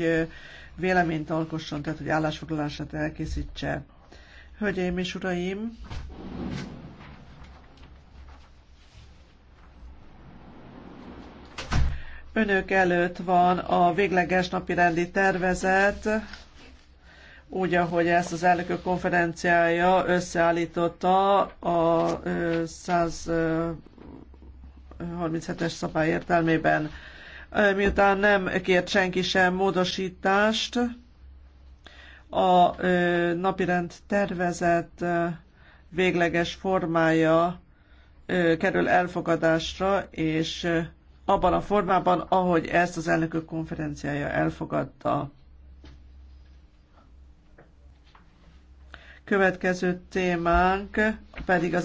hogy véleményt alkosson, tehát hogy állásfoglalását elkészítse. Hölgyeim és uraim! Önök előtt van a végleges napi rendi tervezet, úgy, ahogy ezt az elnökök konferenciája összeállította a 137-es szabály értelmében. Eh, miután nem kért senki sem módosítást, a eh, napirend tervezett eh, végleges formája kerül elfogadásra, és abban a formában, ahogy ezt az elnökök konferenciája elfogadta. Következő témánk pedig az